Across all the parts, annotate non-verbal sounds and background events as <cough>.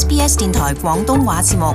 SBS 電台廣東話節目。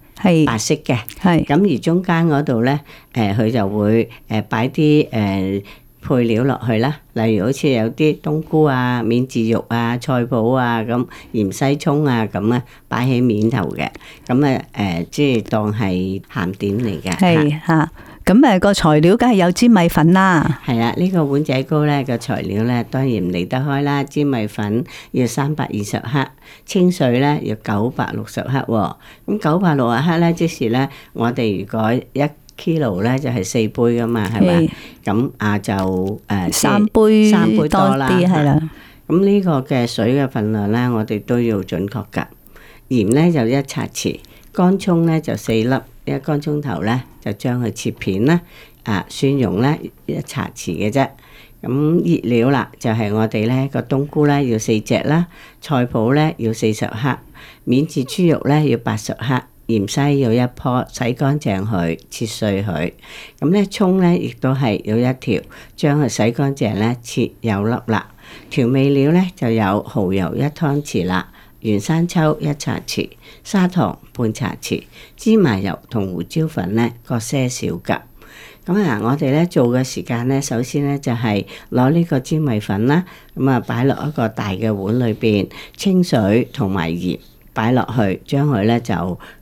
係是白色嘅，係咁是而中間嗰度咧，誒、呃、佢就會誒擺啲誒配料落去啦，例如好似有啲冬菇啊、免治肉啊、菜脯啊咁、芫荽蔥啊咁啊，擺喺、啊、面頭嘅，咁啊誒即係當係鹹點嚟嘅，係嚇是。是咁誒，個材料梗係有粘米粉啦。係啊，呢個碗仔糕咧個材料咧，當然離得開啦，粘米粉要三百二十克，清水咧要九百六十克。咁九百六十克咧，即時咧，我哋如果一 kilo 咧就係四杯噶嘛，係咪？咁啊就誒三杯三杯多啦，係啦。咁呢個嘅水嘅份量咧，我哋都要準確噶。鹽咧就一茶匙，乾葱咧就四粒，一乾葱頭咧。就將佢切片啦，啊蒜蓉咧一茶匙嘅啫。咁熱料啦，就係、是、我哋咧個冬菇咧要四隻啦，菜脯咧要四十克，免治豬肉咧要八十克，芫茜要一棵，洗乾淨佢，切碎佢。咁咧葱咧亦都係要一條，將佢洗乾淨咧切有粒啦。調味料咧就有蠔油一湯匙啦。原生抽一茶匙，砂糖半茶，茶匙，芝麻油同胡椒粉咧各些少噶。咁啊，我哋咧做嘅時間咧，首先咧就係攞呢個芝麻粉啦，咁啊擺落一個大嘅碗裏邊，清水同埋鹽擺落去，將佢咧就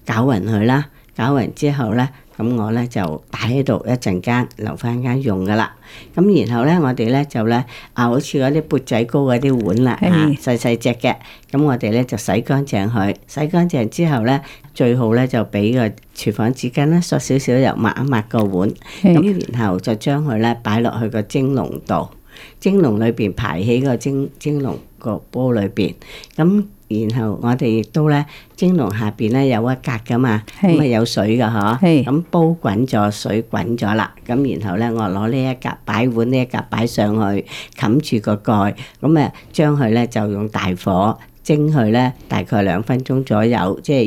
攪匀佢啦，攪匀之後咧。咁、嗯、我咧就擺喺度一陣間留翻間用噶啦。咁、嗯、然後咧，我哋咧就咧啊，好似嗰啲缽仔糕嗰啲碗啦的、啊，細細隻嘅。咁、嗯、我哋咧就洗乾淨佢，洗乾淨之後咧，最好咧就俾個廚房紙巾咧，索少少又抹一抹個碗。咁的然後就將佢咧擺落去個蒸籠度，蒸籠裏邊排起個蒸蒸，蒸籠個煲裏邊。咁、嗯嗯嗯然後我哋亦都咧蒸籠下邊咧有一格噶嘛，咁啊是有水噶嗬。咁是煲滾咗水滾咗啦，咁然後咧我攞呢一格擺碗呢一格擺上去，冚住個蓋，咁啊將佢咧就用大火。蒸佢咧，大概兩分鐘左右，即係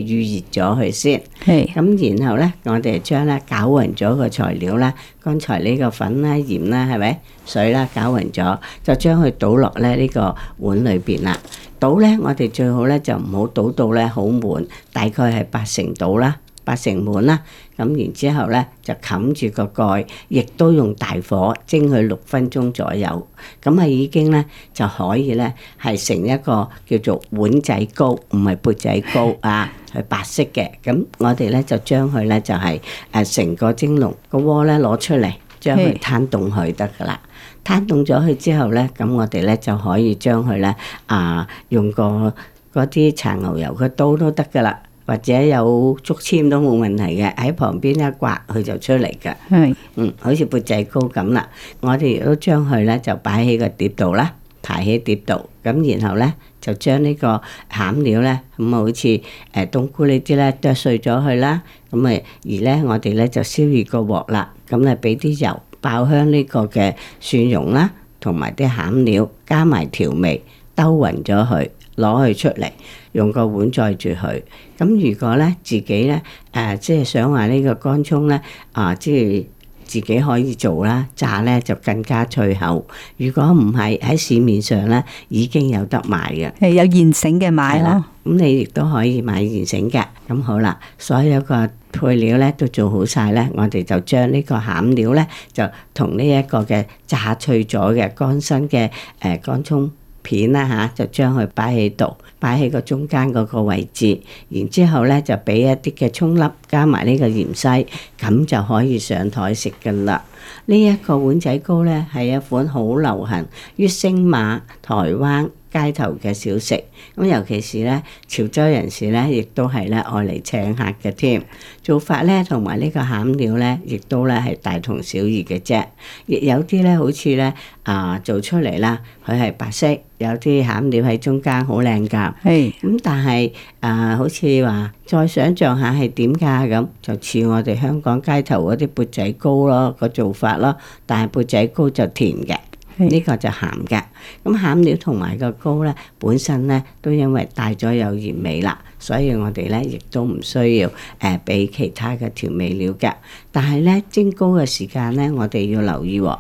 預熱咗佢先。係是，咁然後咧，我哋將咧攪匀咗個材料啦，剛才呢個粉啦、啊、鹽啦、啊，係咪水啦、啊，攪匀咗，就將佢倒落咧呢、這個碗裏邊啦。倒咧，我哋最好咧就唔好倒到咧好滿，大概係八成倒啦。八成滿啦，咁然之後咧就冚住個蓋，亦都用大火蒸佢六分鐘左右，咁啊已經咧就可以咧係成一個叫做碗仔糕，唔係缽仔糕啊，係 <laughs> 白色嘅。咁我哋咧就將佢咧就係誒成個蒸籠個鍋咧攞出嚟，將佢攤凍佢得噶啦。攤凍咗佢之後咧，咁我哋咧就可以將佢咧啊用個嗰啲搽牛油嘅刀都得噶啦。或者有竹籤都冇問題嘅，喺旁邊一刮佢就出嚟㗎。係是、嗯，嗯，好似缽仔糕咁啦，我哋都將佢咧就擺喺個碟度啦，擺喺碟度，咁然後咧就將呢個餡料咧，咁啊好似誒冬菇呢啲咧剁碎咗佢啦，咁啊而咧我哋咧就燒熱個鑊啦，咁咧俾啲油爆香呢個嘅蒜蓉啦，同埋啲餡料，加埋調味，兜勻咗佢。攞佢出嚟，用個碗載住佢。咁如果咧自己咧誒、呃，即係想話呢個乾葱咧啊，即係自己可以做啦，炸咧就更加脆口。如果唔係喺市面上咧已經有得賣嘅，係有現成嘅買啦。咁你亦都可以買現成嘅。咁好啦，所有個配料咧都做好晒咧，我哋就將呢個餡料咧就同呢一個嘅炸脆咗嘅乾身嘅誒、呃、乾葱。片啦嚇、啊，就將佢擺喺度，擺喺個中間嗰個位置，然之後咧就俾一啲嘅葱粒，加埋呢個芫茜，咁就可以上台食㗎喇。呢、這、一個碗仔糕呢，係一款好流行於星馬台灣。街頭嘅小食，咁尤其是咧潮州人士咧，亦都係咧愛嚟請客嘅添。做法咧同埋呢個餡料咧，亦都咧係大同小異嘅啫。亦有啲咧好似咧啊做出嚟啦，佢係白色，有啲餡料喺中間好靚㗎。係咁嘿，但係啊、呃，好似話再想像下係點㗎咁，就似我哋香港街頭嗰啲缽仔糕咯，個做法咯，但係缽仔糕就甜嘅。呢是個就鹹嘅，咁餡料同埋個糕咧，本身咧都因為帶咗有鹽味啦，所以我哋咧亦都唔需要誒俾、呃、其他嘅調味料嘅。但係咧蒸糕嘅時間咧，我哋要留意，唔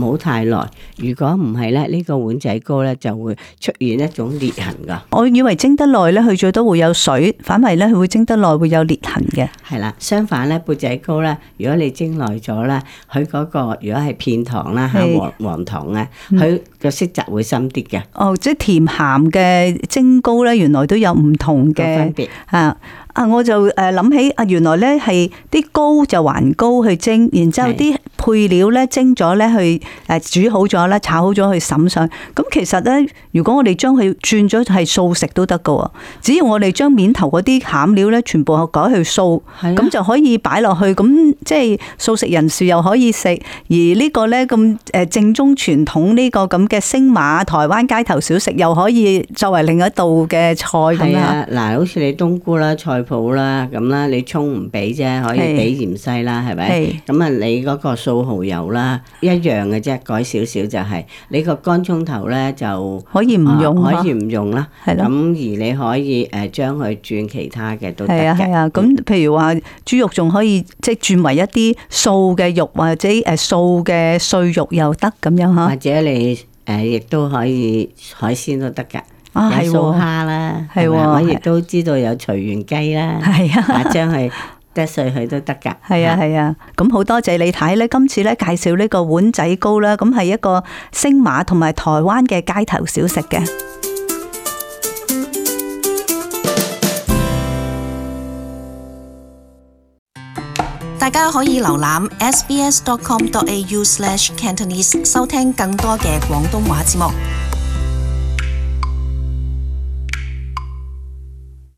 好太耐。如果唔係咧，呢個碗仔糕咧就會出現一種裂痕㗎。我以為蒸得耐咧，佢最多會有水，反為咧佢會蒸得耐會有裂痕嘅。係啦，相反咧缽仔糕咧，如果你蒸耐咗咧，佢嗰、那個如果係片糖啦，係黃黃糖啊。佢個色澤會深啲嘅。哦，即係甜鹹嘅蒸糕咧，原來都有唔同嘅分別。啊啊，我就誒諗起啊，原來咧係啲糕就還糕去蒸，然之後啲。配料咧蒸咗咧，去誒煮好咗咧，炒好咗去灑上，咁其實咧，如果我哋將佢轉咗係素食都得嘅喎，只要我哋將面頭嗰啲餡料咧全部改去素，咁就可以擺落去，咁即係素食人士又可以食，而呢個咧咁誒正宗傳統呢個咁嘅星馬台灣街頭小食又可以作為另一道嘅菜咁樣。嗱，好似你冬菇啦、菜脯啦咁啦，你葱唔俾啫，可以俾芫茜啦，係咪？咁啊，你嗰個素。素蠔油啦，一樣嘅啫，改少少就係、是、你個乾葱頭咧就可以唔用、啊，可以唔用啦，係咯的。咁而你可以誒將佢轉其他嘅都得嘅。係啊係啊，咁譬如話豬肉仲可以即係轉為一啲素嘅肉，或者誒素嘅碎肉又得咁樣吓。啊、或者你誒亦都可以海鮮都得噶，啊、有素蝦啦，係我亦都知道有隨緣雞啦，係啊的，將係，剁碎佢都得㗎，係啊係啊，咁好多謝你睇咧。今次咧介紹呢個碗仔糕啦，咁係一個星馬同埋台灣嘅街頭小食嘅。大家可以瀏覽 sbs.com.au/cantonese 收聽更多嘅廣東話節目。